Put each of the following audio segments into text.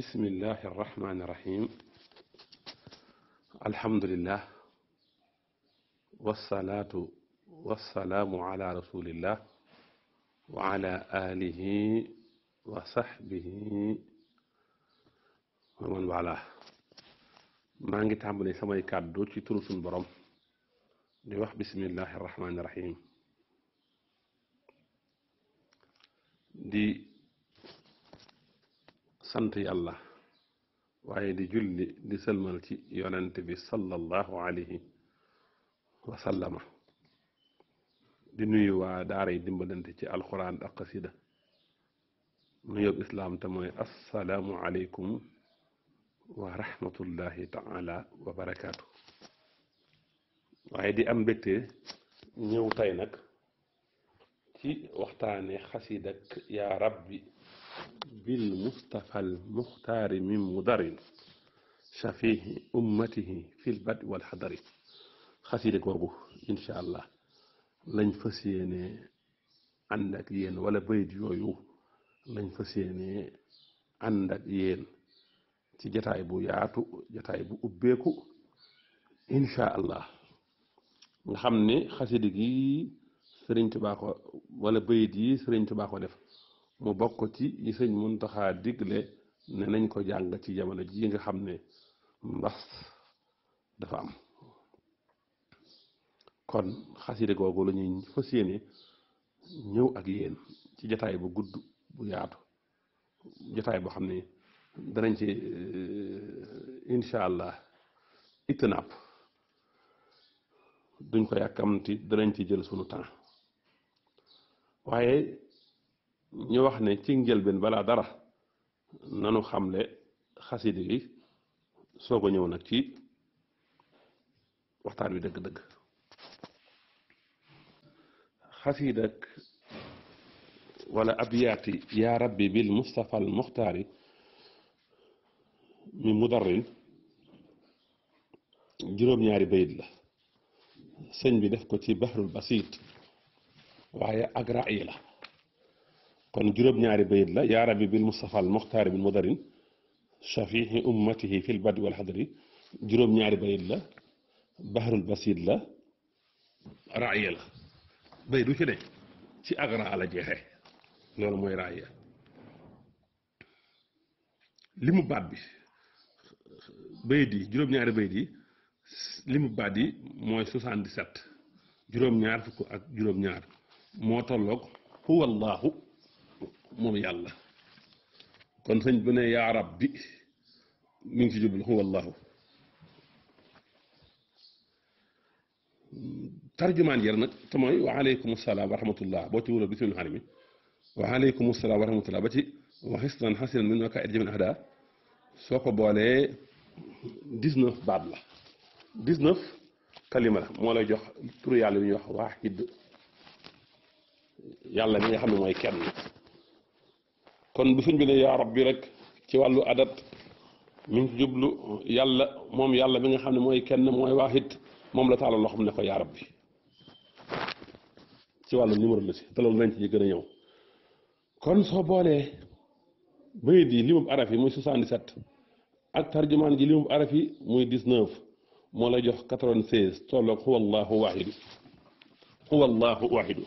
bismillahi arrahmani irrahim alhamdulillah wasalaatu wasalaamu ala rasulillah wa ala alihi wa sahbihi wa maa ngi tàmbali samay kàddu ci suñ borom di wax bismillahi سنت الله وعيد جل لسلمان ينتبه صلى الله عليه وسلم دنيو وداري دمبلنتي القران القصيده نيوب اسلام تموي السلام عليكم ورحمه الله تعالى وبركاته وعيد ام بيتي نيو تاي نك تي وقتاني خسيدك يا ربي بالمصطفى المختار من مدر شفيع أمته في البدء والحضر xaside googu incha allah lañ fas yéene ànd ak wala bayit yooyu lañ fas yéene ànd ak yéen ci jataay bu yaatu jataay bu ubbeeku incha allah nga xam ni xaside gi sëriñ Tuubaa ko wala bayit yi sëriñ Tuubaa def mu bokk ci yi sëñ Muntaxa digle ne nañ ko jàng ci jamono ji nga xam ne mbas dafa am kon xaside googu la ñuy fas ñëw ak yéen ci jataay bu gudd bu yaatu jataay boo xam ne danañ ci euh, incha allah ittinaab duñ ko yàkkamti danañ ci jël sunu temps waaye ñu wax ne ci njëlbeen bala dara nanu xamle xaside yi soog a ñëw nag ci waxtaan wi dëgg-dëgg xasidak wala abyaati yaa rabbi bil mustafa al muxtaari mi mudarrin juróom-ñaari bayit la sëñ bi def ko ci bahrul basit waaye ak ra'i la كون جروب نياري بيد لا يا ربي بالمصطفى المختار بالمدرن شفيع امته في البدء والحضر جروب نياري بيد لا بحر البسيط لا راعي لا بيدو شي ني سي اغرا على جهه لول موي راعي limu baat bi bayit yi juróom ñaari bayit yi limu baat yi mooy 77 juróom ñaar fukk ak juróom ñaar moo tolloog huwa allahu moom yàlla kon sëñ bu ne yaa rabbi mi ngi ci jublu huwa allahu tarjumaan yar nag te mooy wa aleykum salaam wa rahmatullah boo ci wóoral bi suñu xarit mi wa aleykum salaam wa rahmatullah ba ci wa xisnan xasinan min waka it jamin ahda soo ko boolee dix-neuf baat la dix-neuf kalima la moo lay jox tur yàlla bi ñuy wax waahid yàlla mi nga xam ne mooy kenn kon bu sëñ bi ne yaa rabbi rek ci wàllu adat mi ngi jublu yàlla moom yàlla bi nga xam ne mooy kenn mooy waaxit moom la taalal loo xam ne ko yaa rabbi ci wàllu numéro la si taloon nañ ci gën a ñëw kon soo boolee bayit yi limub araf yi muy 77 ak tarjumaan ji limub araf yi muy 19 moo la jox 96 tolloog huwa allahu wahidu huwa allahu wahidu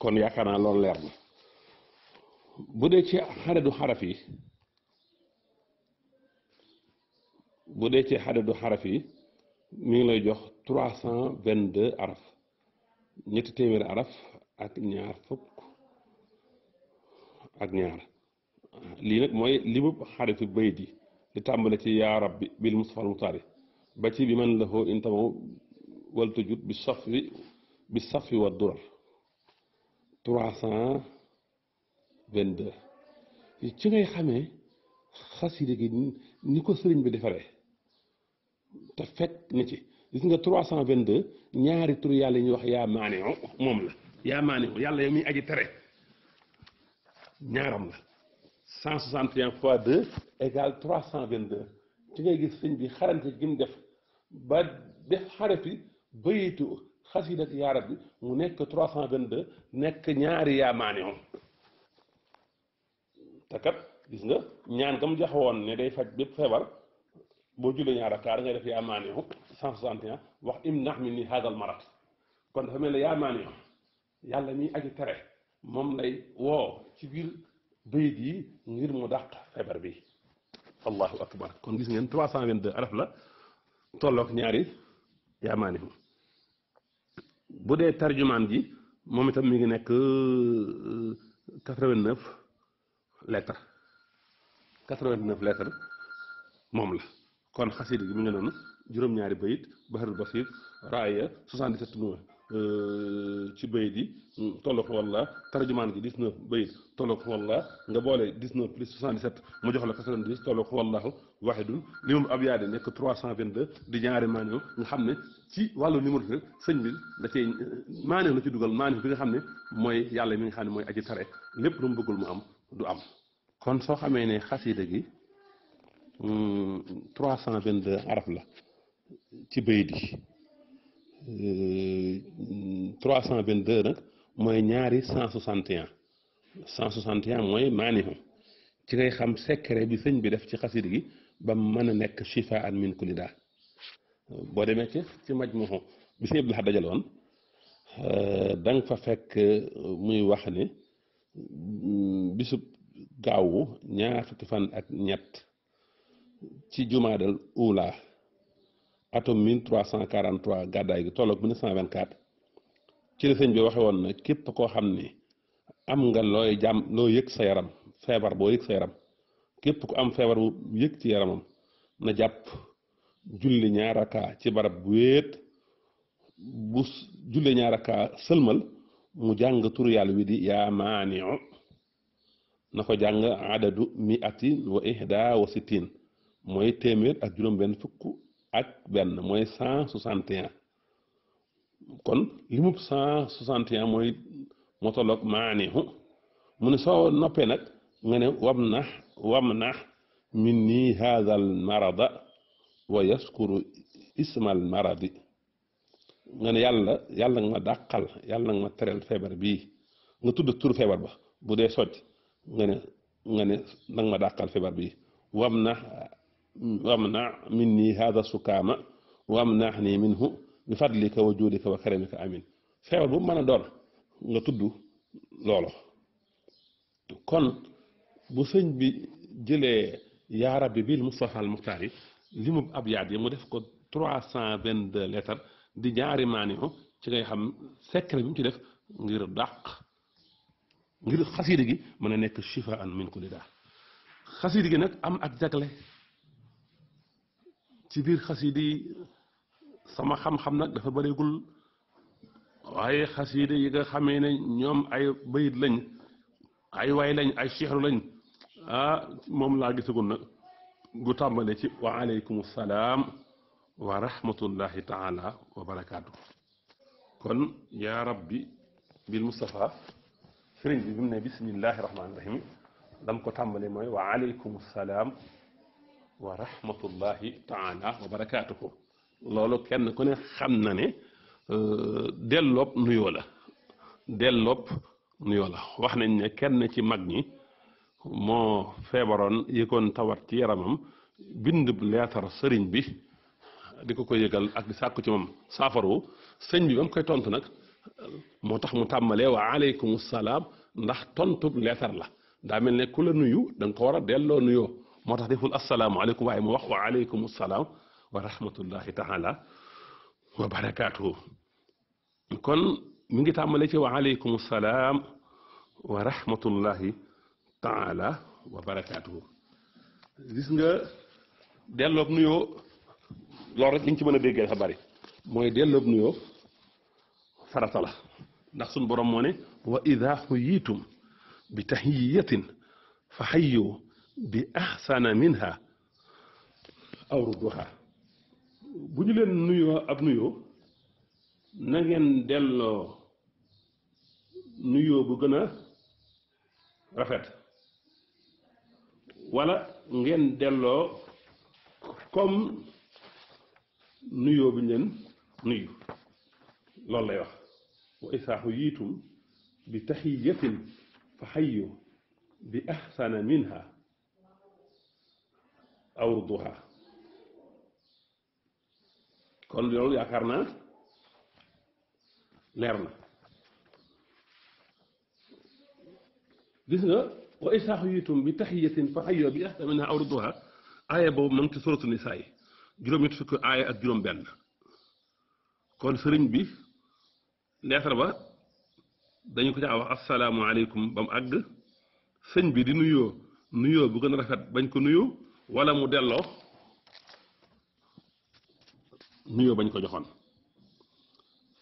kon yaakaar naa loolu leer na bu dee ci xadadu xaraf yi bu dee ci xadadu xaraf yi mi ngi lay jox trois cent vingt deux araf ñetti téeméeri araf ak ñaar fukk ak ñaar lii nag mooy li mu xaritu bay di li tàmbale ci yaa rabbi bil mustafa al mutaari ba ci bi man laxoo intamaw waltujut bi safi bi safi wa durar trois cent 22 ci ngay xamee xasida gi ni ko sëriñ bi defaree te fekk na ci gis nga cent 322 ñaari tur yàlla yi ñuy wax yaa maanéo moom la yaa maanéo yàlla yow muy aji tere ñaaram la 161 fois 2 égale 322 ci ngay gis sëñ bi xarante gi mu def ba def xarafi bayitu xasida ak yaarab bi mu nekk cent vingt deux nekk ñaari yaa te kat gis nga ñaan gam jox woon ne day faj bépp feebar boo jullee ñaar rakkaar ngay def yaa maanihu 161 wax im nax mi ni haadal marat kon dafa mel ne yaa maanihu yàlla mi aji tere moom lay woo ci biir bayit yi ngir mu dàq feebar bi allahu akbar kon gis ngeen 322 araf la tolloog ñaari yaa maanihu bu dee tarjumaan ji moom itam mi ngi nekk 89 lettre quatre-vingt-neuf lettre moom la kon xasida gi mu ngi noonu juróom-ñaari bayit baharul basir raaya 77 no ci bayit yi tolloog walla tarjumaan gi 19 bayit tolloog walla nga boole 19 plus 77 mu jox la 90 tolloog wallaahu waxidun li mu ab yaade nekk 322 di ñaari maanaam nga xam ne ci wàllu numéro rek sëñ bi da cee maanaam la ci dugal maanaam bi nga xam ne mooy yàlla mi nga xam ne mooy aji tare lépp lu mu bëggul mu am du am كون سو خامي ني خاسيده جي 322 عرف لا تي بيدي 322 نك موي نياري 161 161 موي ماني هو تي غاي خام سيكري بي سيغ بي داف تي خاسيده جي با مانا نيك شفاء من كل دا بو ديمي تي تي بي سيب الحد دجالون دا نفا فك موي واخني بيسوب gaawu ñaar fukki fan ak ñett ci jumaadal ula atum 1343 gàddaay gi tolloog 1924 ci la sëñ bi waxe woon na képp koo xam ni am nga looy jàmm loo yëg sa yaram feebar boo yëg sa yaram képp ku am feebar bu yëg ci yaramam na jàpp julli ñaaraka ci barab bu wéet bu julli ñaaraka sëlmal mu jàng turu wi di yaa maaniu na ko jàng adadu mi atin wa ihda wa sittin mooy téeméer ak juróom-benn fukk ak benn mooy cent soixante et kon limub cent soixante et un mooy motoloog maanihu mu soo noppee nag nga ne wam nax wam na min nii haadal marada wa yaskuru ismal maradi nga ne yàlla yàlla nga ma dàqal yàlla nga ma tereel feebar bi nga tudd tur feebar ba bu dee socc nga ne nga ne danga ma dàqal feebar bi wam na wam na min nii haada sukaama wam naax nii minhu bi fadlika wa juulika wa karamika amin feebar bu mën a doon nga tudd loolo kon bu sëñ bi jëlee yaa rabbi bil Mustafa al Muxtaar yi li mu ab yaat yi mu def ko trois cent vingt-deux lettres di ñaari maani ci ngay xam secret bi mu ci def ngir dàq ngir xasida gi meuna nek shifa an min kulli daa xasida gi nak am ak jagle ci bir xasida sama xam-xam nak dafa bëreegul waye xasida yi nga xamé ne ñom ay bayit lañ ay way lañ ay shihru lañ ah mom la gisagul nak gu tàmbale ci wa alaykum assalam wa rahmatullahi taala wa barakatuh kon ya rabbi bil Mustafa sëriñ bi bi mu ne bismillahi rahmaani rahim lam ko tàmbali mooy wa aleykum salaam wa rahmatullahi taala wa barakaatuhu loolu kenn ku ne xam na ne euh, delloob nuyoo la delloob nuyoo la wax nañ ne kenn ci mag ñi moo feebaroon yëgoon tawat ci yaramam bind leetar sëriñ bi di ko ko yëgal ak di sàkku ci moom saafaru sëñ bi ba mu koy tontu nag moo tax mu tàmbalee wa aleykum salaam ndax tontub leetar la daa mel ne ku la nuyu da ko war a delloo nuyoo moo tax deful asalaamualeykum waaye mu wax wa aleykum salaam wa rahmatullahi taala wa barakaatuhu kon mi ngi tàmbalee ci wa aleykum salaam wa rahmatullahi taala wa barakaatuhu gis nga delloog nuyoo loolu rek li ñu ci mën a déggee dafa bari mooy delloog nuyoo. farata la ndax suñu borom moo ne wa ida xuyitum bi taxiyatin fa xayu bi axsana minha aw rudduha bu ñu leen nuyoo ab nuyoo na ngeen delloo nuyoo bu gëna rafet wala ngeen delloo comme nuyoo bi ñu leen nuyu loolu lay wax وإذا حييتم بتحية فحيوا بأحسن منها أرضها كون لول ياكارنا ليرنا غيسنا وإذا حييتم بتحية فحيوا بأحسن منها أرضها آية بو من سورة النساء جروم يتفكر آية أجروم بأن كون سرين بيه lettre ba dañu ko caa wax asalaamualeykum ba àgg sëñ bi di nuyoo nuyoo bu gën a rafet bañ ko nuyu walla mu delloo nuyoo bañ ko joxoon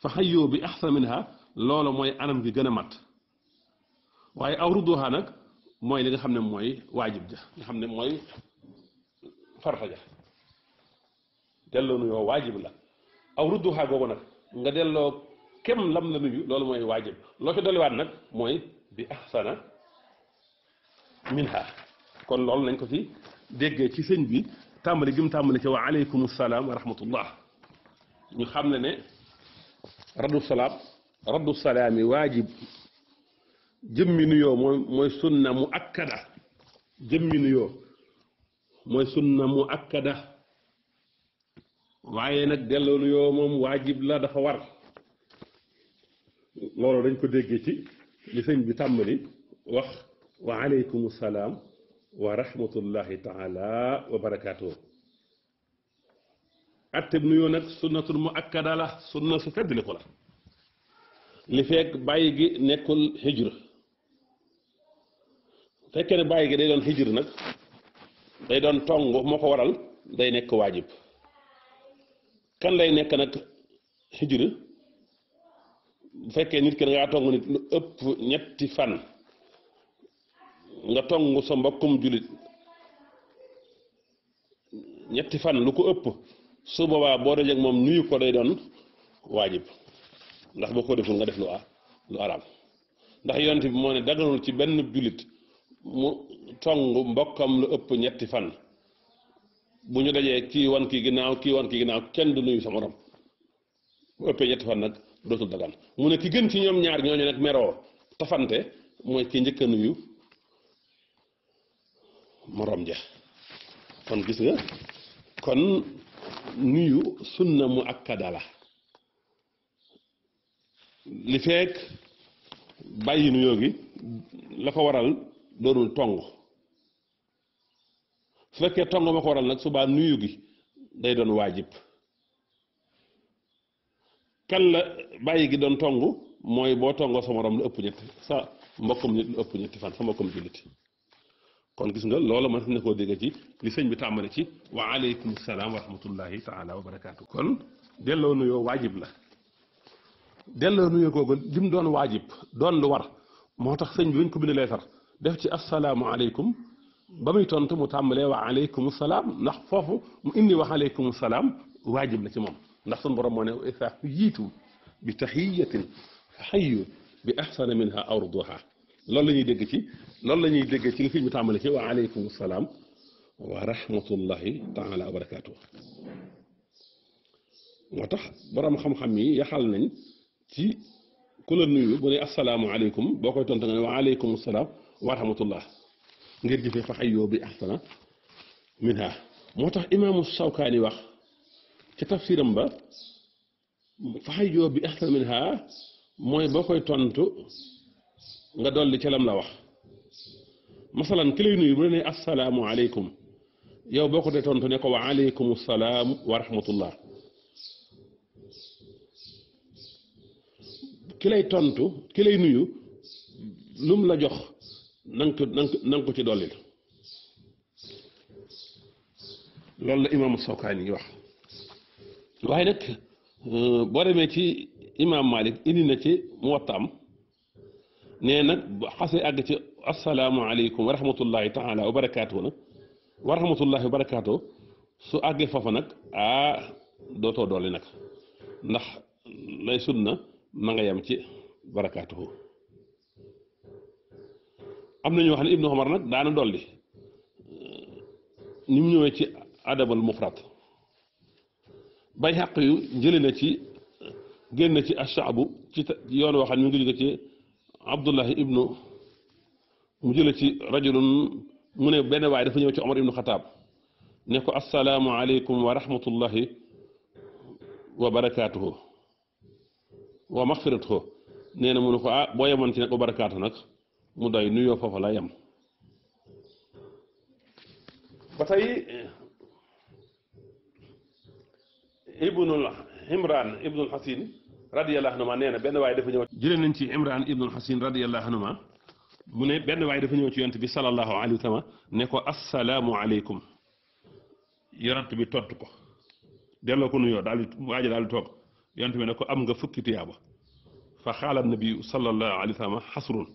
fa xayyoo bi axsan minha loolu mooy anam gi gën a mat waaye aw rudduha nag mooy li nga xam ne mooy waajib ja nga xam ne mooy farata ja delloo nuyoo waajib la aw rudduha googu nag nga delloo kem lam la loolu mooy waajib loo ci dolliwaat nag mooy bi ahsana minha kon loolu nañ ko ci déggee ci sëñ bi tàmbali gi mu tàmbali ci wa aleykum salaam wa ñu xam ne ne raddu salaam raddu salaami waajib jëmmi nuyoo mooy mooy sunna mu akkada nuyoo mooy sunna mu akkada waaye nag delloo nuyoo moom waajib la dafa war loolu dañ ko déggee ci li bi tàmbali wax wa aleykum salaam wa rahmatullahi taala wa barakaatu atteb nuyoo nag sunnatul mu akkada la sunna su feddli ko la li fekk bàyyi gi nekkul hijr fekkee ne bàyyi gi day doon hijr nag day doon tong moo ko waral day nekk waajib kan lay nekka nag hijr bu fekkee nit ki da tong nit lu ëpp ñetti fan nga tong sa mbokkum jullit ñetti fan lu ko ëpp su boobaa boo dajee ak moom nuyu ko day doon waajib ndax boo ko deful nga def lu a ndax yonent bi moo ne daganul ci benn jullit mu tong mbokkam lu ëpp ñetti fan bu ñu dajee kii wan kii ginnaaw kii wan kii ginnaaw kenn du nuyu sa morom bu ëppee ñetti fan nag dootul dagan mu ne ki gën ci ñoom ñaar ñooñu nag meroo tafante mooy ki njëkk a nuyu morom ja kon gis nga kon nuyu sunna mu akkada la li fekk bàyyi nuyoo gi la ko waral doonul tong su fekkee tong ma ko waral nag subaa nuyu gi day doon waajib kan la bàyyi gi doon tongu mooy boo tongoo sa morom lu ëpp ñetti sa mbokkum nit ëpp ñetti fan sa mbokkum jullit kon gis nga loola mën na koo dégg ci li sëñ bi tàmbali ci wa aleykum salaam wa rahmatullahi taala wa barakaatu kon delloo nuyoo waajib la delloo nuyoo googu li mu doon waajib doon lu war moo tax sëñ bi ñu ko bind leetar def ci assalaamu aleykum ba muy tontu mu tàmbalee wa aleykum salaam ndax foofu mu indi wa aleykum salaam waajib la ci moom نحن برمانة إثاحيتو بتحية حي بأحسن منها أرضها لولا نيدقتي لولا نيدقتي في متعملك وعليكم السلام ورحمة الله تعالى وبركاته وتح برام خم خمي يحلن تي كل نيو بني السلام عليكم بقول تنتقل وعليكم السلام ورحمة الله نرجع في فحيو بأحسن منها متح إمام الشوكاني وخ ci tafsiram ba faxajoo bi ahsan minha mooy boo koy tontu nga dolli ca lam la wax masalan ki lay nuyu bu la nee assalaamu aleykum yow boo ko dee tontu ne ko wa aleykum salaam wa rahmatullah ki lay tontu ki lay nuyu lum la jox nang ko nang ko ci dollil loolu la imaamu Sawkaani yi wax waaye nag euh, boo demee ci imaam Malik indi na ci muwattaam nee nag xase àgg ci asalaamaaleykum wa rahmatullahi taala wa barakaatu nag wa rahmatullahi wa su àggee foofa nag ah dootoo doole nag ndax lay sunna ma nga yem ci barakaatu am na ñoo xam ne Ibnu Omar nag daana dolli euh, ni mu ñëwee ci adabal mufrad bayhaq yu jëlee na ci génn na ci ashaabu ci yoon woo xam ne mu ngi jóge ci abdullahi ibnu mu jëlee ci rajulun mu ne benn waay dafa ñëw ci omar ibnu xataab ne ko assalaamu aleykum wa rahmatullahi wa barakaatuhu wa maxfiratuhu nee na mu ne ko ah boo yemoon ci nag wa barakaatu nag mu doy nuyoo foofa la yem ba tey ibnul imran ibnul xasin radiyallahu anhuma nee na benn waaye dafa ñëw jëlee nañ ci imran ibnul xasin radiyallahu anhuma mu ne benn waaye dafa ñëw ci yonent bi sallallahu alayhi wa sallam ne ko assalaamu aleykum yonent bi tontu ko delloo ko nuyoo daal di waaja daal di toog yonent bi ne ko am nga fukki tiyaaba fa xaala nabi sallallahu alayhi wa sallam xasrun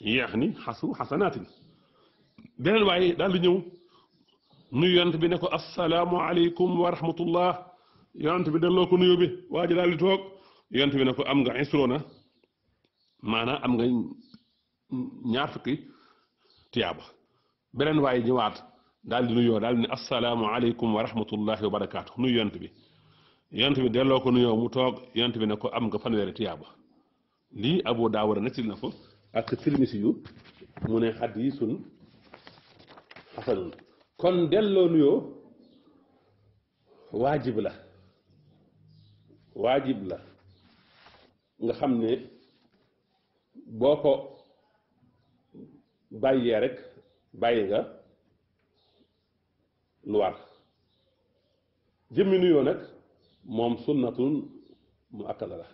yaani xasu xasanaatin beneen waaye daal di ñëw nuyu yonent bi ne ko assalaamu aleykum wa rahmatullah yonent bi delloo ko nuyu bi waa ji daal di toog yonent bi ne ko am nga instruona maanaam am nga ñaar fukki tiyaaba beneen waaye ñëwaat daal di nuyoo daal di ne asalaamaaleykum wa rahmatullahi wa barakaatu nuyu yonent bi yonent bi delloo ko nuyoo mu toog yonent bi ne ko am nga fanweeri tiyaaba lii Abu Daawuda nettali na ko ak Tirmisi yu mu ne hadiisun hasanun kon delloo nuyoo waajib la waajib la nga xam ni boo ko bàyyee rek bàyyi nga lu war jëmmi nuyoo nag moom sunnatun mu akkada la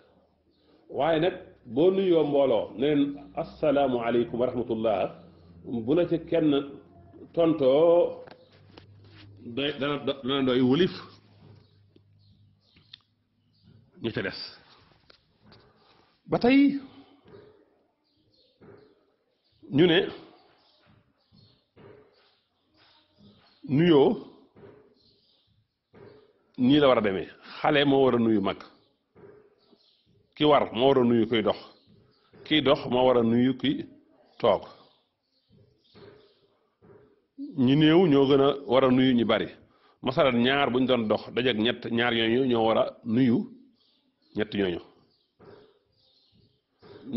waaye nag boo nuyoo mbooloo ne leen assalaamu aleykum wa rahmatullah bu la ci kenn tontoo doy dana dana doy wulif ñi ca des ba tey ñu ne nuyoo nii la war a demee xale moo war a nuyu mag ki war moo war a nuyu kuy dox kiy dox moo war a nuyu ki toog ñu néew ñoo gën a war a nuyu ñu bari masalan ñaar bu ñu doon dox dajeek ñett ñaar yooyu ñoo war a nuyu ñetti ñooñu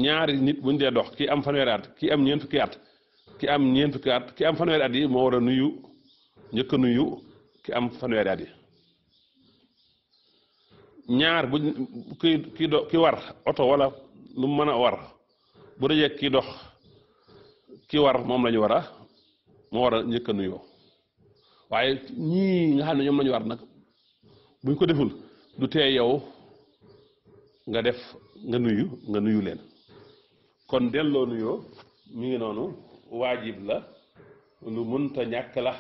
ñaari nit buñ dee dox ki am fanweeri at ki am ñeent fukki at ki am ñeent ki am fanweeri at yi moo war a nuyu njëkk a nuyu ki am fanweeri at yi ñaar buñ ki war oto wala lu mën a war bu dajee ki dox ki war moom lañu war a moo war a njëkk a nuyoo waaye ñii nga xam ne ñoom lañu war nag buñ ko deful du tee yow nga def nga nuyu nga nuyu leen kon delloo nuyoo mi ngi noonu waajib la lu munta ñàkk la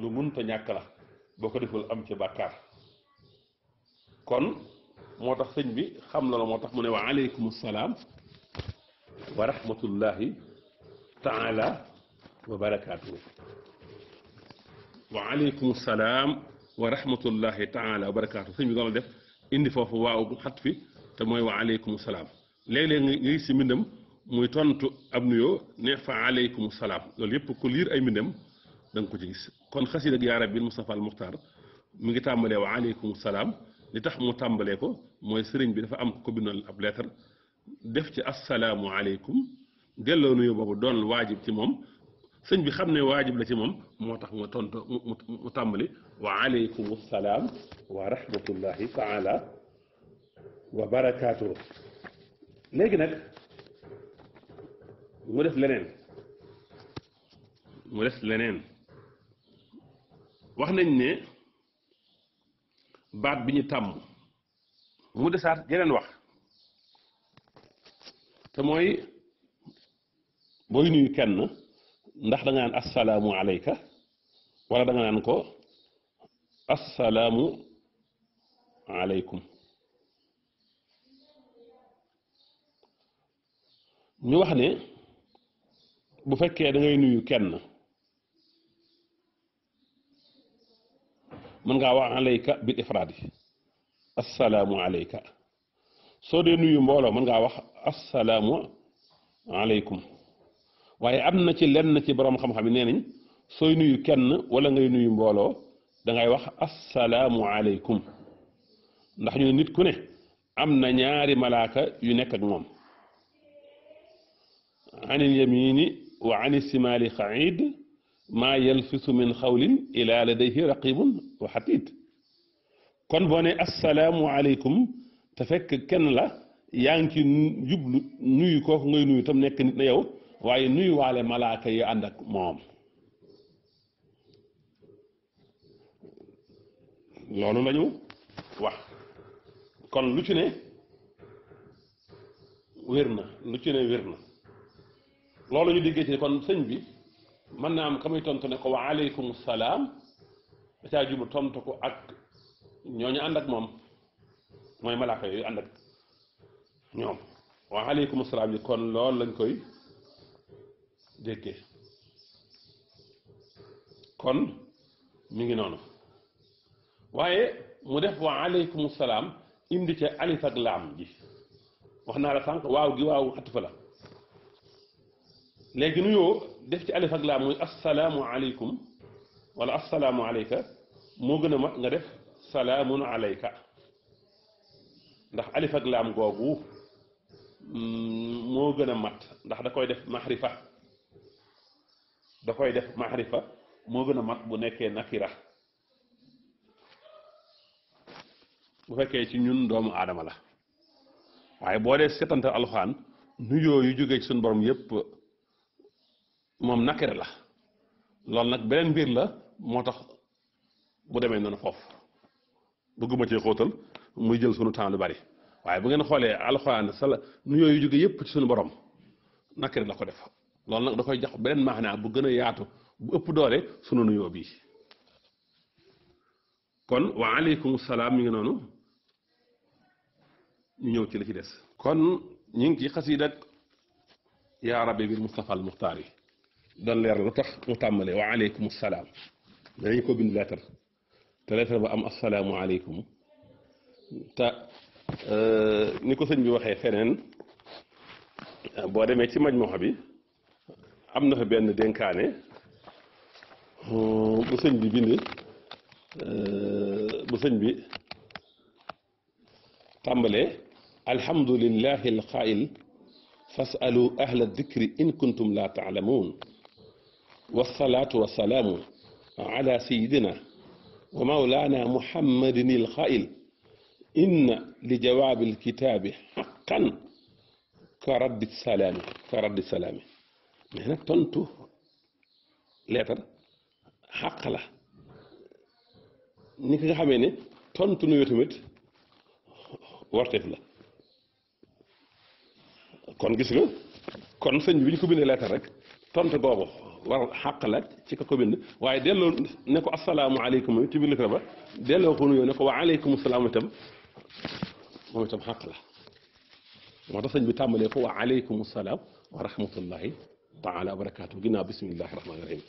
lu munta ñàkk la boo ko deful am ci bàkkaar kon moo tax sëñ bi xam la la moo tax mu ne wa aleykum salaam wa rahmatullahi taala wa barakaatuhu wa aleykum salaam wa rahmatullahi taala wa barakaatuhu sëñ bi doon la def indi fofu waaw bu xat fi te mooy wa alaykum salaam léeg-léeg ngay si mbindam muy tontu ab nuyoo ne fa alaykum salaam loolu yëpp ku liir ay mbindam da nga ko ci gis kon xasida ak yaa rabbi Mustafa al Muxtaar mi ngi tàmbalee wa alaykum salaam li tax mu tàmbalee ko mooy sëriñ bi dafa am ko bindoon ab lettre def ci asalaamu alaykum delloo nuyoo boobu doon waajib ci moom sëñ bi xam ne waajib la ci moom moo tax mu tontu mu tàmbali wa aleykum salaam wa rahmatullahi taala wa barakaatuhu léegi nag mu def leneen mu def leneen wax nañ ne baat bi ñu tàmm mu desaat yeneen wax te mooy booy nuyu kenn ndax da nga naan assalaamu alayka wala da nga naan ko assalaamu alaykum ñu wax ne bu fekkee da ngay nuyu kenn mën ngaa wax alayka bil ifraadi assalaamu alayka soo dee nuyu mbooloo mën ngaa wax assalaamu alaykum waye amna ci lenn ci borom xam-xam neenañ soy nuyu kenn wala ngay nuyu mbolo da ngay wax assalamu alaykum ndax ñu nit ku ne amna ñaari malaaka yu nekk ak mom anil yamini wa ani simali qaid maa yalfisu min xawlin ila ladayhi raqibun wa xatid kon boo ne asalaamualeykum te fekk kenn la yaa ngi ci jublu nuyu kooku ngay nuyu tam nekk nit na yow waaye nuyu waale malaaka yi ànd ak moom loolu lañu wax kon lu ci ne wér na lu ci ne wér na loolu ñu diggee ci kon sëñ bi mën naa am ka tontu ne ko wa aleykum salaam dacaa jubu tontu ko ak ñooñu ànd ak moom mooy malaaka yooyu ànd ak ñoom wa salaam yi kon loolu lañ koy déggee kon mi ngi noonu waaye mu def wa salaam indi ca alif ak laam ji wax naa la sànq waaw gi waaw xatu fa la léegi nuyoo def ci alif laam muy assalaamu aleykum wala assalaamu aleyka moo gën a mat nga def salaamun aleyka ndax alif ak laam googu mm, moo gën a mat ndax da koy def maxrifa da koy def maxrifa moo gën a mat bu nekkee nakira bu fekkee ci ñun doomu aadama la waaye boo dee setante alxaan nuyoo yu jógee ci suñu borom yépp moom nakira la loolu nag beneen mbir la moo tax bu demee noonu foofu bëgguma ci xóotal muy jël sunu temps lu bari waaye bu ngeen xoolee alxaan sala nuyoo yu jógee yépp ci suñu borom nakira la ko def loolu nag da koy jox beneen maanaa bu gën a yaatu bu ëpp doole sunu nuyoo bi kon waaleykum salaam mi ngi noonu ñu ñëw ci la ci des kon ñu ngi ci xasiid ak yaa rabbi bil Mustafa al Muxtaar yi doon leeral lu tax mu tàmbalee waaleykum salaam danañ ko bind lettre te lettre ba am asalaamu aleykum te ni ko sëñ bi waxee feneen boo demee ci maj moxa bi amna fa ben denkané bu sëñ bi bindé euh bu sëñ bi tambalé alhamdulillahi alqail fasalu ahla adh-dhikri in kuntum la taalamuun wasalaatu wasalaamu ala sayyidina wa mawlana muhammadin alqail inna li jawaabi alkitaabi xaqan ka raddi salaami ka mais nag tontu leetar xàq la ni ki nga xamee ne tontu nuyoo tamit warteef la kon gis nga kon sëñ bi ñu ko bindee leetar rek tontu googu war xàq la ci ka ko bind waaye delloo ne ko asalaamaaleykum ci biir liggéey ba delloo ko nuyoo ne ko waaleykum salaam itam moom itam xàq la moo tax sëñ bi tàmbalee ko wa aleykum salaam wa rahmatullahi تعالى وبركاته قلنا بسم الله الرحمن الرحيم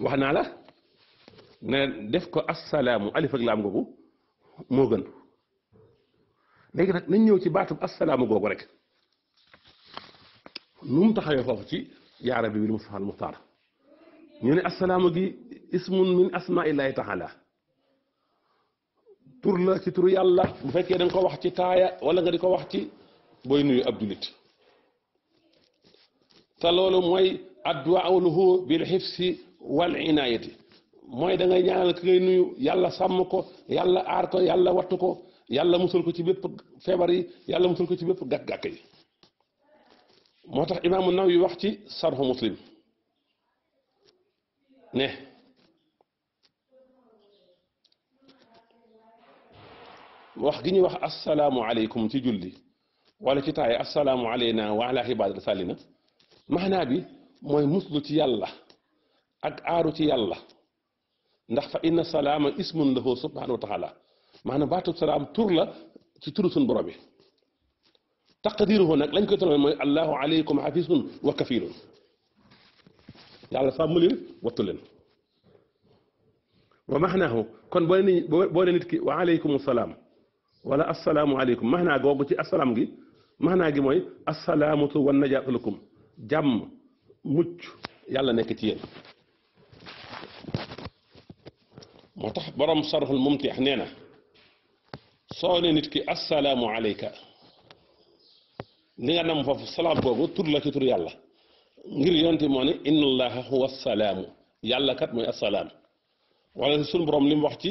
وحنا لا نفكو السلام ألف أقلام قبو موغن لكن ننيو تي باتب السلام قبو رك نمتخي فوفتي يا ربي بالمصحى المختار يعني السلام دي اسم من أسماء الله تعالى تور لا تور يالله بفكر انكو وحتي تايا ولا غيركو وحتي بوينو عبد الله te loolu mooy adduwaaw lahu bil xifsi wal inaayati mooy da ngay ñaanal ki ngay nuyu yàlla sàmm ko yàlla aar ko yàlla wattu ko yàlla musal ko ci bépp feebar yi yàlla musal ko ci bépp gàkk-gàkk yi moo tax imaamu Nawawi wax ci sarxu muslim ne wax gi ñuy wax asalaamu aleykum ci julli wala ci taaye asalaamu aleyna wa ala ibadat salina maanaa bi mooy muslu ci yàlla ak aaru ci yàlla ndax fa inna salaama ismun lahu subhanahu wa taala maanaam salaam tur la ci turu suñ borom bi taqdiruhu nag lañ koy tolal mooy allahu aleykum xafisun wa kafilun yàlla sàmm leen wattu wa maanaahu kon boo ne boo ne nit wa aleykum salaam wala asalaamu aleykum maanaa googu ci asalaam gi maanaa gi mooy asalaamatu wa najaatu lakum jàmm mucc yàlla nekk ci moo tax borom sarxul mumtix nee na soo ne nit ki assalaamu aleyka li nga nam foofu salaam boobu tur la ci tur yàlla ngir yonte moo ne inna allaha huwa salaamu yàlla kat mooy assalaam wala sunu borom li mu wax ci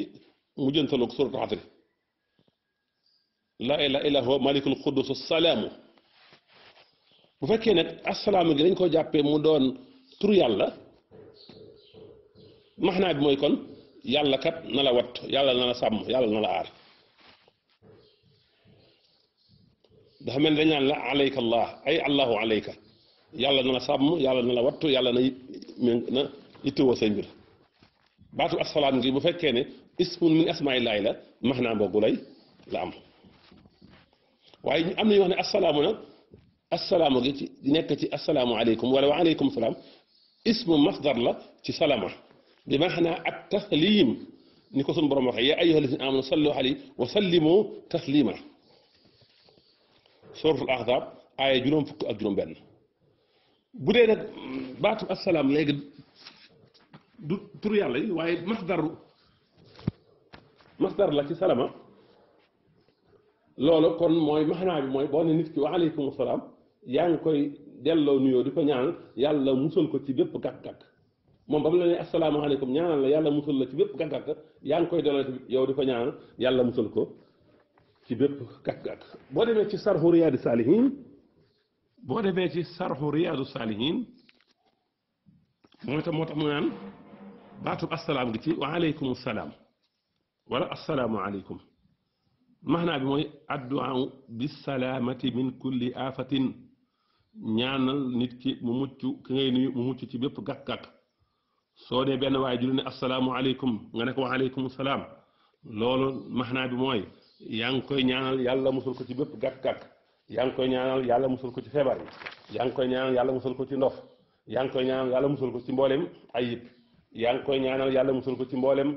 mujjantalu suratu xatri laa ilaaha illa huwa malikul quddus salaamu bu fekkee nag asalaama gi dañ koo jàppee mu doon tur yàlla maxnaa bi mooy kon yàlla kat na la wat yàlla na la sàmm yàlla na la aar dafa mel dañ la alayka allah ay yàlla na la sàmm yàlla na la yàlla na na ittewoo say mbir baatu asalaam gi bu fekkee ne ismun min asmaillaahi la maxnaa boogu lay la am waaye am nañu wax ne asalaamu nag السلام قلت نكتي السلام عليكم ولو عليكم السلام اسم مصدر لا تي سلامة بمعنى التسليم نكو سن بروم يا ايها الذين امنوا صلوا عليه وسلموا تسليما سورة الاحزاب آية جنوم فك اك جنوم بن بودي نك باتو السلام لغي تور يالا واي مصدر مصدر لا تي سلامة loolu kon mooy maxnaa bi mooy boo ne nit ki wa yaa ngi koy delloo nuyoo di ko ñaanal yàlla musal ko ci bépp gàkk-gàkk moom ba mu la ne asalaamaaleykum ñaanal la yàlla musal la ci bépp gàkk-gàkk yaa ngi koy delloo ci yow di ko yàlla musal ko ci bépp boo demee ci sarxu riyaadu saalihin demee ci sarxu riyaadu saalihin mooy tam moo tax mu baatu baatub asalaam gi ci waaleykum salaam wala asalaamualeykum maanaa bi mooy addu'a bi salaamati min kulli aafatin ñaanal nit ki mu mucc ki ngay mucc ci bépp gàkk-gàkk soo dee benn waaye julli ne asalaamualeykum nga nekk ko waaleykum salaam loolu maxnaa bi mooy yaa ngi koy ñaanal yàlla musul ko ci bépp gàkk-gàkk yaa ngi koy ñaanal yàlla musul ko ci feebar yi yaa ngi koy ñaanal yàlla musul ko ci ndof yaa ngi koy ñaanal yàlla musul ci mboolem ayib yaa ngi koy ñaanal yàlla musul ko ci mboolem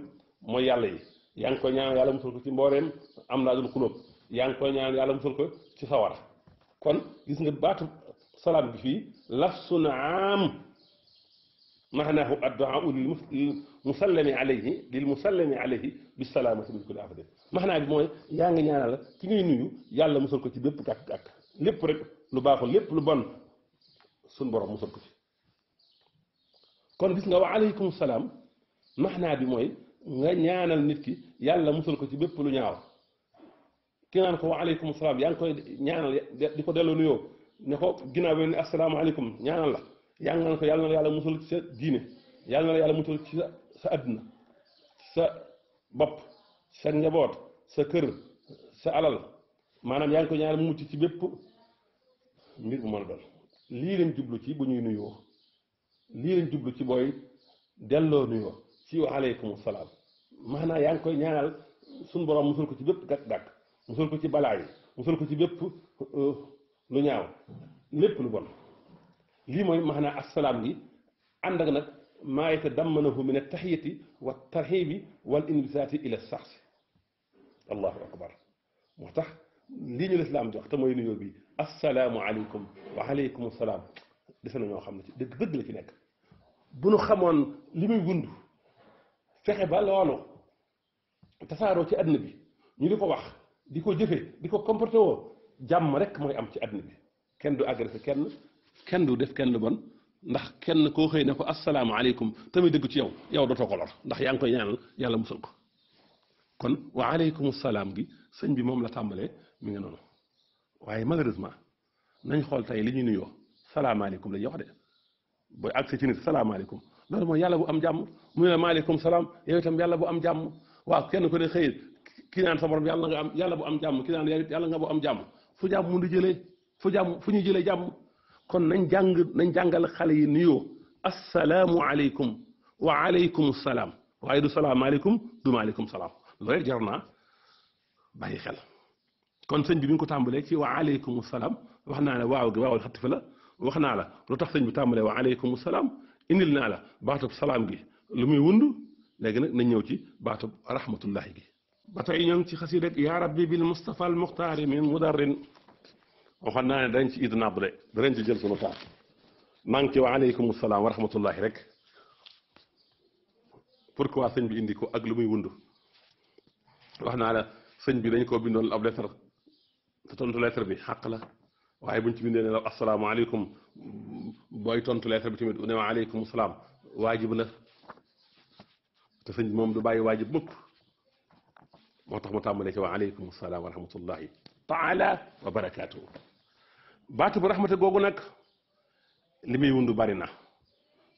mooy yàlla yi yaa ngi yàlla musul ko ci mboolem am naa dul kulóob yaa yàlla musul ko ci sawara kon gis nga baatu صلاة بفي لفظ عام معناه الدعاء للمسلم عليه للمسلم عليه بالسلامة من كل آفة معناه موي ياغي ñaanal ki ngay nuyu yalla musul ko ci bepp gak gak lepp rek lu baxul lepp lu bon sun borom musul ko ci kon gis nga wa alaykum salaam maanaa bi mooy nga ñaanal nit ki yàlla musal ko ci bépp lu ñaaw ki naan ko wa alaykum salaam yaa ngi koy ñaanal di ko delloo nuyoo ne ko ginnaaw bi ne asalaamaaleykum ñaanal la ñaanal ko yàlla na la yàlla musal ci sa diine yàlla na la yàlla musal ci sa sa àdduna sa bopp sa njaboot sa kër sa alal maanaam yaa ngi ko ci bépp mbir bu jublu ci bu ñuy nuyoo lii jublu ci booy delloo nuyoo ci waaleykum salaam maanaam yaa ngi koy ñaanal suñu borom musal ko ci bépp gàkk-gàkk musal ko ci balaa musal ko ci bépp. Euh, lu ñaaw lépp lu bon lii mooy maanaam assalaam gi ànd ak nag maa yatadammanahu min attahiyati wa tarhibi wal inbisaati ila saxsi allahu akbar moo tax lii ñu lislaam jox te mooy nuyoo bi assalaamu alaykum wa alaykum salaam dese na ñoo xam ne ci dëgg dëgg la ci nekk bu nu xamoon li muy wund fexe ba loolu tasaaroo ci àdduna bi ñu di ko wax di ko jëfe di ko comporté woo jàmm rek moy am ci àdduna bi kenn du agressé kenn kenn du def kenn lu bon ndax kenn ko xëy nako assalamu alaykum tamit deug ci yow yow do to ko lor ndax yang koy ñaanal yàlla musal ko kon wa alaykum assalam gi sëñ bi mom la tambalé mi ngi noonu waye malheureusement nañ xol tay li ñu nuyo nuyoo alaykum la ñuy wax de bo ak ci ni nit alaykum lolu mo yàlla bu am jàmm mu ne malaykum salam yow tam yàlla bu am jàmm wa kenn ko ne xëy ki nan sa borom yàlla nga am yàlla bu am jàmm ki nan yàlla nga bu am jàmm fu jàmm mun di jëlee fu jàmm fu ñu jëlee jàmm kon nañ jàng nañ jàngal xale yi nuyoo assalaamu aleykum wa aleykum salaam waaye du salaamaaleykum du maaleykum salaam loolu rek jar naa bàyyi xel kon sëñ bi mi ko tàmbalee ci wa aleykum salaam wax naa ne waaw gi waawul la wax la lu sëñ bi tàmbalee wa aleykum salaam indil la baatub salaam gi lu muy wund léegi nag nañ ñëw ci baatub rahmatullahi gi ba tey ñoo ngi ci xasiid rek yaa rabbi bil mustafa al muxtaari min mudarrin وخنا دنج ايدنا بري دنج جيل سونو تا مانكي وعليكم السلام ورحمه الله رك بوركوا سن بي انديكو اك لوموي ووندو واخنا لا سن بي دنج كو بينول اب لتر تونتو لتر بي حق لا واي بونتي بيندي نلا السلام عليكم باي تونتو لتر بي تيميت ونيو عليكم السلام واجب لا تا سن موم دو باي واجب بوك موتاخ موتام لي وعليكم السلام ورحمه الله تعالى وبركاته baatu bu raxmati googu nag li wundu bari na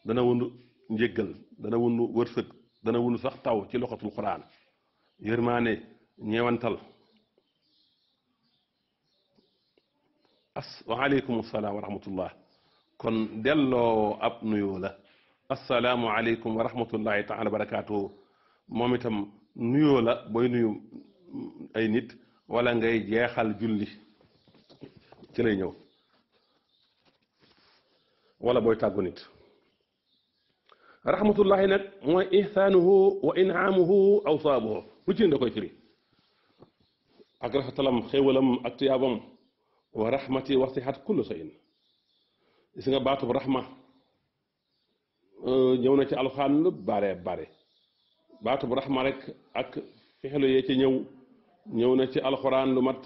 dana wundu njegal dana wundu wërsëg dana wundu sax taw ci loxatul qur'an yermane ñewantal as alaykum salaam wa rahmatullah kon dello ab nuyo la assalamu alaykum wa rahmatullahi taala barakatuh momitam nuyo la boy nuyu ay nit wala ngay jéxal julli ci lay ñëw wala booy tàggu nit rahmatullahi nag mooy ihsaanuhu wa inaamuhu aw saabuhu lu ci ne da koy firi ak rafetalam xéewalam ak tuyaabam wa rahmati wasihat kullu shay'in gis nga baatub rahma euh, ñëw na ci alxaan lu bare bare baatub rahma ak fexelu yee ci ñëw ñëw na ci alxuraan lu mat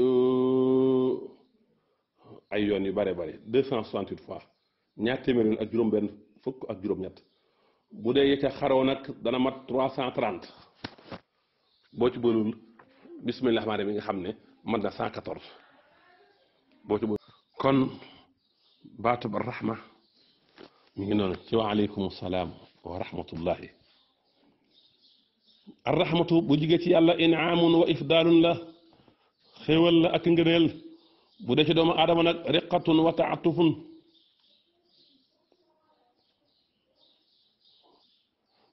euh, ay yoon yu bare bare deux ñaar téeméer ak juróom-benn fukk ak juróom-ñett bu dee yete xaroo nag dana mat trois cent trente boo ci boolul bisimilah rahmaani bi nga xam ne mat na cent quatorze boo ci boolul kon baatu ba rahma mi ngi noonu ci waaleykum salaam wa rahmatullahi arrahmatu bu jigee ci yàlla inaamun wa ifdaalun la xéewal la ak ngëneel bu dee ci doomu aadama nag riqatun wa taatufun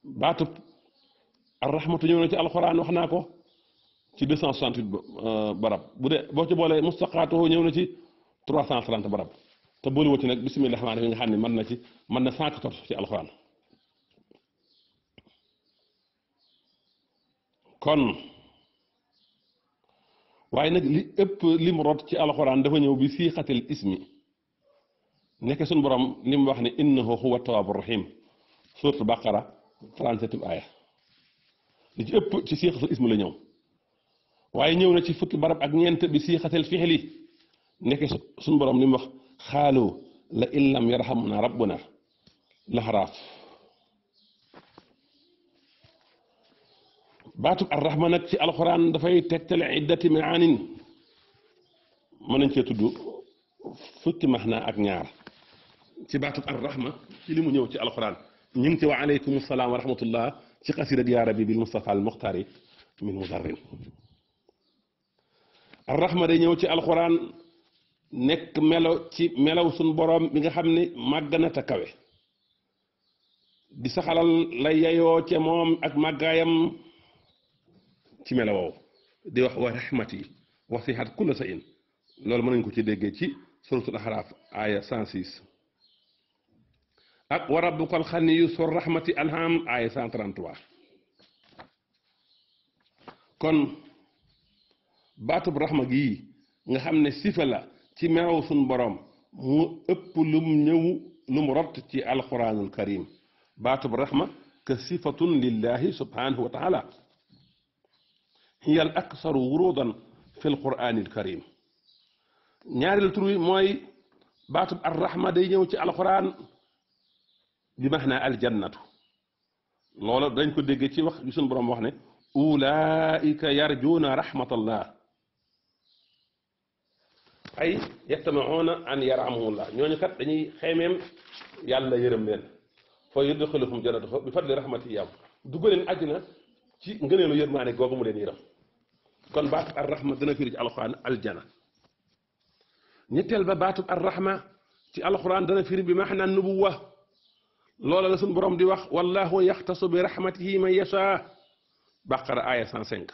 baatub arrahmatu ñëw na ci alxuraan wax naa ko ci 268 euh, barab bu de boo ci boolee mustaqaatuhu ñëw na ci trois 330 barab te boole woo ci nag bisimilah rahmaani rahiim nga xam ne mën na ci mën na 114 ci alxuraan kon waaye nag li ëpp lim ci alxuraan dafa ñëw bi siixatil ismi nekk suñu borom li mu wax ne innahu huwa tawaabu rahim suuratu baqara 37e aaya li ci ëpp ci siixatul ismu la ñëw waaye ñëw na ci fukki barab ak ñeent bi siixatal fixli nekk suñu borom li mu wax xaalu la in lam yarhamna rabbuna laxaraaf baatub arrahma nag ci alxuraan dafay tegtale iddati maanin mën nañ cee tudd fukki maxnaa ak ñaar ci baatub arrahma ci li mu ñëw ci alxuraan نمتي وعليكم السلام ورحمة الله في قصيدة يا ربي بالمصطفى المختاري من مزرين الرحمة دي نيوتي القرآن نك ملو تي ملو سن بروم ميغا خامني ماغنا تاكاوي دي سخالال لا يايو تي موم اك ماغايام تي ملو وو دي واخ ورحمتي وصيحة كل سئين لول مانن كو تي ديغي تي سورة الأحراف آية 106 ak wa rabbukal xaniyu sur rahmati alham ay 133 kon baatub rahma gii nga xam ne sifa la ci meraw suñ boroom mu ëpp lum ñëw lu mu rott ci alquranul karim bu rahma ka sifatun lillahi subhanahu wa taala hiya al aksaru wurudan fi alquranil karim ñaareel tur wi mooy baatub ar rahma day ñëw ci alquran بمعنى الجنة لولا دنج كو ديغي سي واخ يوسن بروم واخني اولئك يرجون رحمه الله اي يتمعون ان يرحمهم الله نيوني كات دانيي خيميم يالا يرم لين فيدخلهم جنته بفضل رحمه الله دوغلين ادنا سي غنيلو يرماني غوغو مولين يرم كون بات الرحمه دنا فيري القران الجنه نيتل با بات الرحمه سي القران دنا فيري بمعنى النبوه لولا لسن برام دي وخ والله يختص برحمته من يشاء بقرة آية 105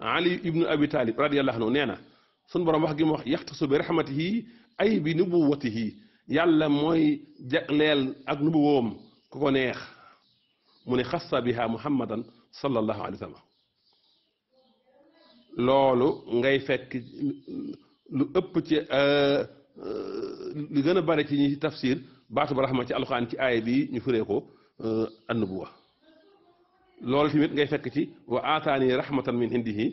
علي ابن أبي طالب رضي الله عنه نينا سن برام وخ جيم وخ يختص برحمته أي بنبوته يلا موي جقلال أك نبوهم كوكو نيخ من خص بها محمدا صلى الله عليه وسلم لولو غاي فك لو اوب تي ا لي غنا باري تي تفسير baatu ba raxma ci alquran ci aaya bi ñu furé ko annubuwa loolu tamit ngay fekk ci wa atani rahmatan min indihi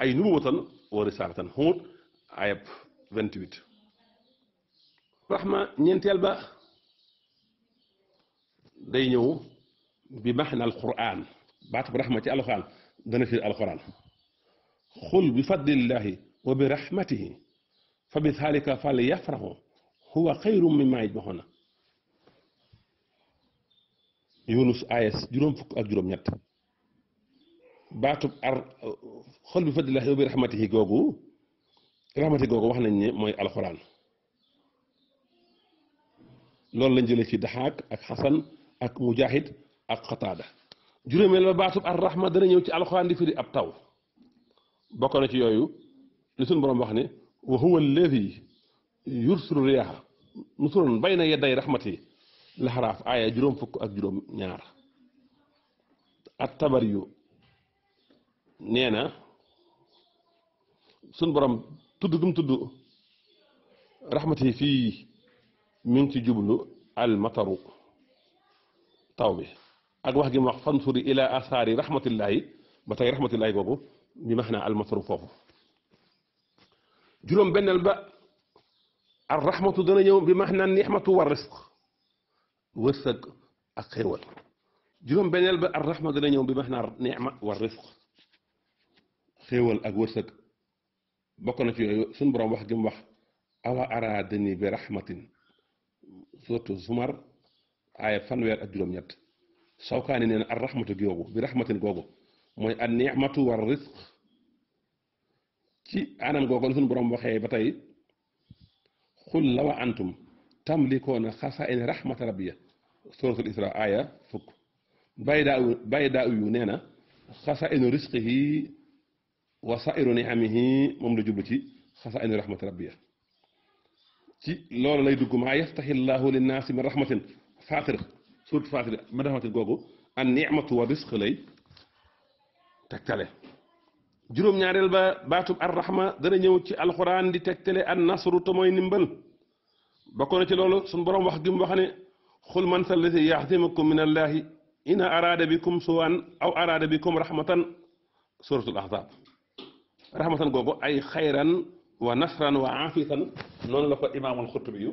ay nubuwatan wa risalatan hud ayab 28 rahma ñentel ba day ñëw bi mahna alquran baatu ba raxma ci alquran dana fi alquran xul bi fadlillahi wa bi raxmatihi fa bi dalika fal yunus ayes juróom fukk ak juróom ñett baatub ar xol bi fadlillahi wa bi rahmatihi googu rahmati googu wax nañ ne mooy alxuraan loolu lañ jële ci daxaak ak xasan ak mujaahid ak xataada juróomeel ba baatub ar rahma dana ñëw ci alxuraan di firi ab taw bokk na ci yooyu lu suñu boroom wax ne wa huwa alladi yursilu bay na bayna yaday rahmati الحراف آية جروم فك أجروم نار التبريو نينا سنبرم تدقم تدق رحمته في من تجبل المطر طوبة أقوه جمع فانفر إلى آثار رحمة الله بطي رحمة الله بابو بمحنى المطر فوف جروم بين الباء الرحمة دنيا بمحنى النحمة والرزق wërsëg ak xéewal juróom benneel ba ar raxma dana ñëw bi max naa nicma war rifq xéewal ak wërsëg bokk na ci yooyu suñu borom wax gi mu wax awa araadani bi rahmatin surtout zumar aaya fanweer ak juróom-ñett sawkaani nee na ar raxmatu googu bi raxmatin googu mooy an nicmatu war risq ci anam googu la suñu borom waxee ba tey xul lawa antum تملكون خزائن رحمة ربية سورة الإسراء آية فك baydaa yu nee na xasa inu risqihi wa sairu niamihi moom la jublu ci xasa inu rahmati rabbiya ci loolu lay dugg maa yaftahi llahu linnaasi min rahmatin fatir surat fatir min rahmatin googu an nicmatu wa risq lay tegtale juróom-ñaareel ba baatub ar rahma dana ñëw ci alquran di tegtale an nasru te mooy ndimbal بكون تلول سن بروم واخ گيم واخني خول من الذي يحزمكم من الله ان اراد بكم سوءا او اراد بكم رحمه سوره الاحزاب رحمه غوغو اي خيرا ونصرا وعافيه نون لاكو امام الخطبي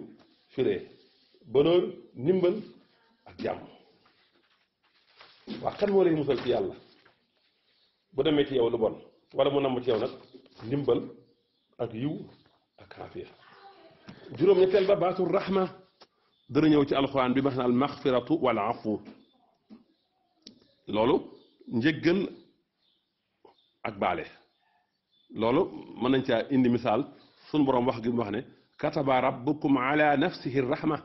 فيري بنور نيمبل اك جام wa xam wolé musal ci yalla bu démé ci yow lu bon wala mu nam ci yow nak nimbal ak yiw ak juróom-ñetteel ba baatu rahma dana ñëw ci alxuraan bi max na al maxfiratu wal afu loolu njëggal ak baale loolu mën nañ caa indi misaal sunu boroom wax gi mu wax ne kataba rabbukum ala nafsihi rahma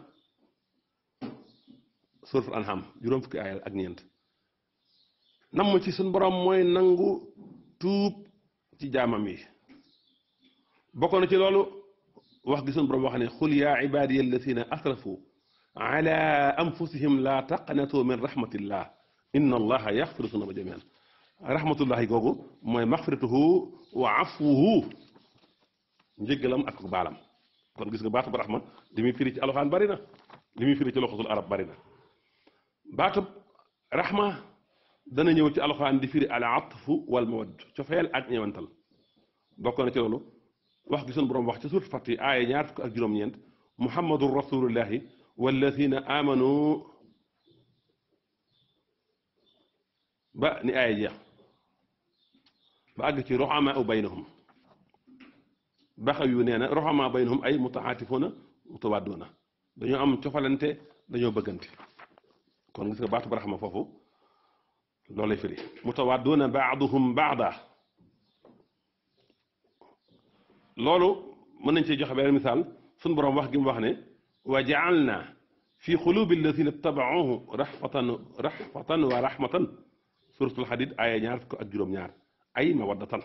juróom fukki aayal ak ñeent namm ci sunu borom mooy nangu tuub ci jaamam yi bokk ci loolu wax gi sun borom wax ne xul yaa cibaadiya alladina asrafu ala anfusihim laa taqnatu min rahmatillah inna allaha yaxfiru sunuba jamian rahmatullahi googu mooy maxfiratuhu wa afwuhu njëggalam ak baalam kon gis nga baatub rahma li muy firi ci alxuraan bari na li muy firi ci loxasul arab bari na baatub rahma dana ñëw ci alxuraan di firi al atfu wal mawad cofeel ak ñëwantal bokk na ci loolu wax gi sunu borom wax ci suur fati aaya ñaar fukk ak juróom-ñeent muhammadu rasulullahi walladina amanu ba ni aaya jeex ba àgg ci roxama u baynahum baxaw yu nee na roxama baynahum ay mutaatifuna mutawaddoona dañoo am cofalante dañoo bëggante kon gis nga baatu ba raxma foofu loolay firi mutawaddoona baaduhum baada loolu mën nañ cee joxe benn misaal suñu borom wax gi mu wax ne wa jaalna fi xulubi alladina tabauhu raxfatan raxfatan wa rahmatan suratul xadid aaya ñaar fukk ak juróom-ñaar ay mawaddatan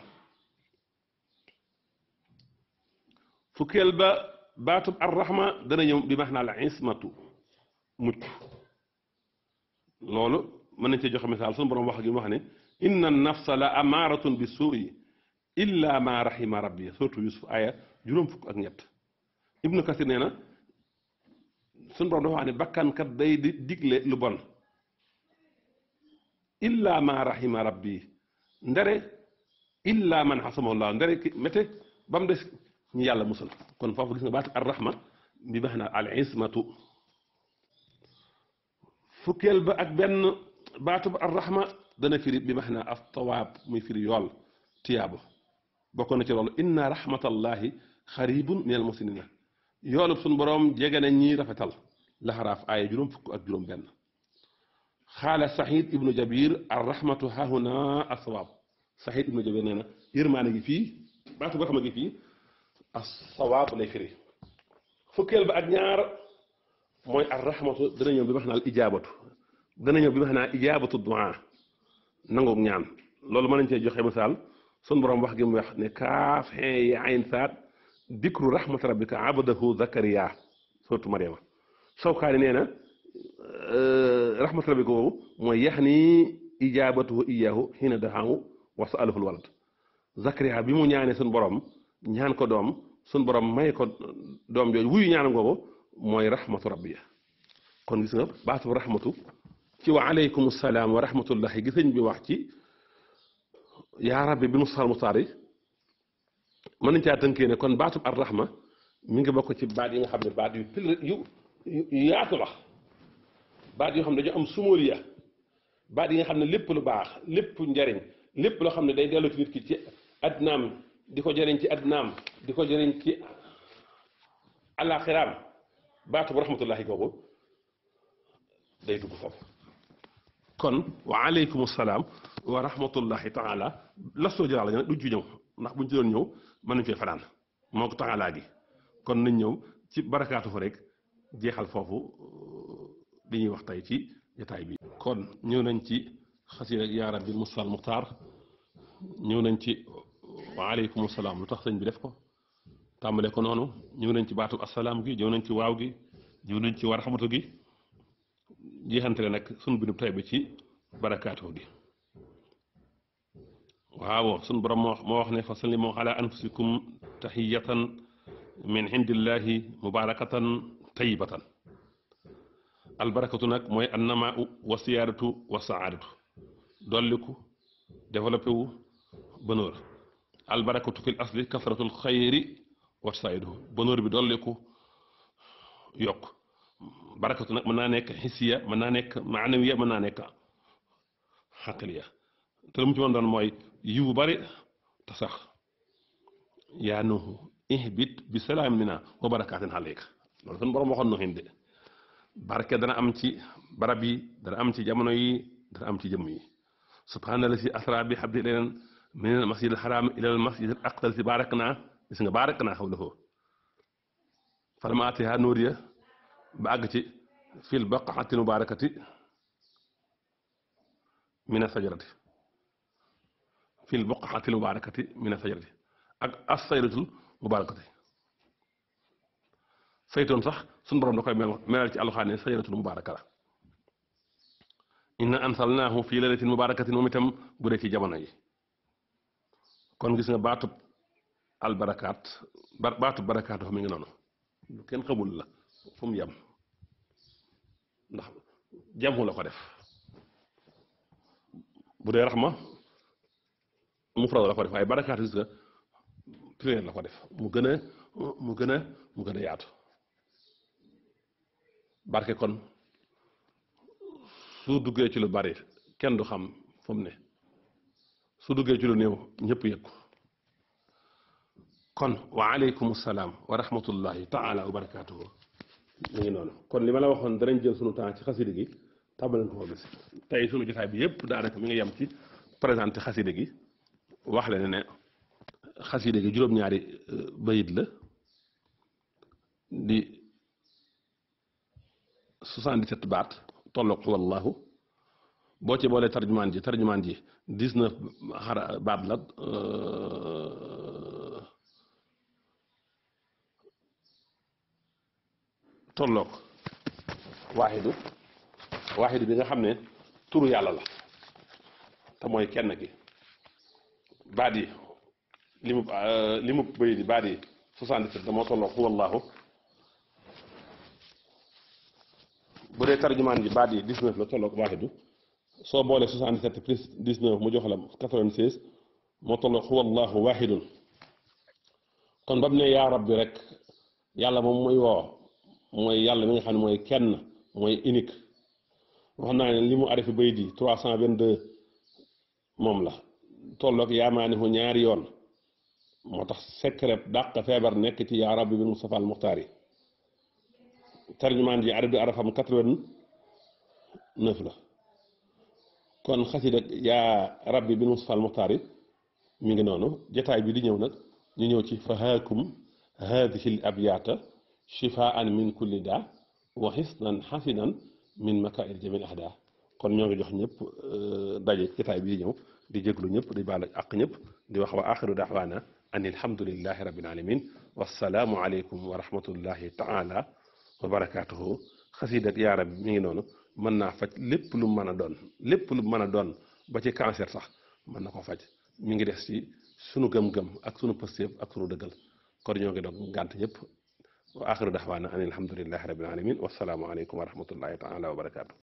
fukkeel ba baatub arrahma dana ñëw bi maxnaa al ismatu mucc loolu mën nañ cee joxe misaal suñu borom wax gi mu wax ne inna nafsa la amaaratun bi suuyi إلا ما رحم ربي سورة يوسف آية جروم فك أغنيت ابن كثير نينا سن بردو عن بكان كد دي ديكل لبن إلا ما رحم ربي ندري إلا من حسم الله ندري متى بامدس يالا مسل كون فافو غيس نبات الرحمه بي بخنا العصمه فكيل با اك بن باتو الرحمه دنا فيري بي بخنا الطواب مي فيري يول تيابو bokk ci loolu inna rahmatallahi xaribun min al musinina yoolub suñu boroom jege na rafetal laxaraaf aaya juróom fukk ak juróom benn xaala sahid ibnu jabir ar rahmatu hahuna aswab sahid ibnu jabir nee na yërmaane gi fii baatu boo xam gi fii asawab lay firi fukkeel ba ak ñaar mooy ar rahmatu dana ñëw bi ma xam naa ijaabatu dana ñëw bi ma xam naa ijaabatu ñaan loolu mën nañ cee joxe misaal sun borom wax gi mu wax ne kaaf xeen yi ayn saat dikru rahmat rabbika abadahu zakariya suratu mariama sawkaani nee na euh, rahmat rabbika boobu mooy yax ni ijaabatuhu iyahu xiina bi mu ñaanee sun borom ñaan ko doom sun borom may ko doom jooju wuyu ñaanam googu mooy rahmatu rabbiya kon gis nga baatu rahmatu ci wa aleykum salaam wa rahmatullahi gisañ bi wax ci يا ربي بنص المطاري من انت تنكين كون بعتب الرحمه ميغي بوكو سي بعد ييغا خامني بعد يو ياتو واخ بعد يو خامني دا ام سوموريا بعد ييغا خامني ليپ لو باخ ليپ نجارين ليپ لو خامني داي دالو نيت كي سي ادنام ديكو جارين سي ادنام ديكو جارين سي الاخرام باتب رحمه الله غوغو داي دوغ فوف كون وعليكم السلام ورحمه الله تعالى لا سوجي الله دوجي نيو ناخ بو نجي دون نيو مانا في فران موك تعالى دي كون ني نيو سي بركاتو فو ريك جيخال فوفو بي ني وقت تاي تي جتاي بي كون نيو نانتي خسير يا ربي المصطفى المختار نيو نانتي وعليكم السلام لوتاخ سنج بي ديفكو تامل كو نونو نيو نانتي باتو السلام جي جيو نانتي واو جي جيو نانتي ورحمتو جي جيخانتي نك سن بنو تاي بي سي waaw sunu borom moo moo wax ne fasallimu ala anfusikum tahiyatan min indillahi mubarakatan tayyibatan albarakatu nag mooy annama u wa siyaadatu wa saadatu dolliku développé wu bonheur albarakatu fil asli kasratul xayri wa saiduhu bonheur bi dolliku yokk barakatu nag mën naa nekk xisiya mën naa nekk maanawiya mën naa nekk xaqliya te lu mu ci doon mooy yiwu bari te sax yaa nuhu ihbit bi salaam minna wa barakaatin alayka loolu suñu borom waxoon nuhin de barke dana am ci barab yi dana am ci jamono yi dana am ci jëmm yi subhaana la si asra bi xabdi leneen min al masjid al haram ila al masjid al aqsa si baarak naa gis nga baarak naa xaw la foo falama atiha nuuriya ba àgg ci fil baqaati mubarakati min asajarati في البقعة المباركة من الشجرة ak as sayratul mubarakati saytoon sax suñu borom da koy mel melal ci alxaan ne sayratul mubaraka la inna ansalnaahu fii laylatin mubarakatin moom itam bu dee ci jamono yi kon gis nga baatub albarakaat baatub barakaat dafa mi ngi noonu lu kenn xamul la fu mu yem ndax jamu la ko def bu dee raxma mufrad la ko def waaye barakaatu gis nga pluriel la ko def mu gën a mu gën a mu gën a yaatu barke kon su duggee ci lu bari kenn du xam fu mu ne su duggee ci lu néew ñëpp yëg ko kon waaleykum salaam wa rahmatullahi taala wa barakaatuhu mu ngi noonu kon li ma la waxoon danañ jël sunu temps ci xasida gi tàmbali ko fa bis tey sunu jotaay bi yëpp daanaka mi ngi yem ci présenté xasida gi wax la ne xasida gi juróom-ñaari euh, bayit la di 77 baat tolloog ci boolee tarjumaan ji tarjumaan ji 19 xara baat la euh, tolloog waaxidu waaxidu bi nga xam ne turu yàlla la te mooy kenn ki baat yi li mu euh, li mu bëy di baat yi 77 moo tolloo huwa allaahu bu dee tarjumaan ji baat yi 19 la tolloo waaxidu soo boolee 77 plus 19 mu jox la 96 moo tolloo huwa allaahu waaxidun kon ba mu ne yaa rabbi rek yàlla moom muy woo mooy yàlla mi nga xam ne mooy kenn mooy unique wax naa ne li mu arifi bay di 322 moom la tolloog yaamaani hu ñaari yoon moo tax secret dàq feebar nekk ci yaa rabbi bil Mustafa al Muxtaar yi tarjumaan ji arab bi arafam quatre-vingt-neuf la kon xasida yaa rabbi bil Mustafa al Muxtaar yi mi ngi noonu jataay bi di ñëw nag ñu ñëw ci fahaakum haadihi l abyaata shifaan min kulli daa wa xisnan xasinan min makaa'il jamil ahdaa kon ñoo ngi jox ñëpp daje jataay bi di ñëw di jéglu ñëpp di baal ak ñëpp di wax wa axiru daxwaana an alhamdulillahi rabbil alamin wassalaamu aleykum wa rahmatullahi taala wa barakaatuhu xasidat yaa rabbi mi ngi noonu mën naa faj lépp lu mën a doon lépp lu mën a doon ba ci cancer sax mën na ko faj mi ngi des ci sunu gëm-gëm ak sunu pësteef ak sunu dëggal kon ñoo ngi doon ngànt ñëpp wa axiru daxwaana an alhamdulillahi rabbil alamin wassalaamu aleykum wa rahmatullahi taala wa barakaatuhu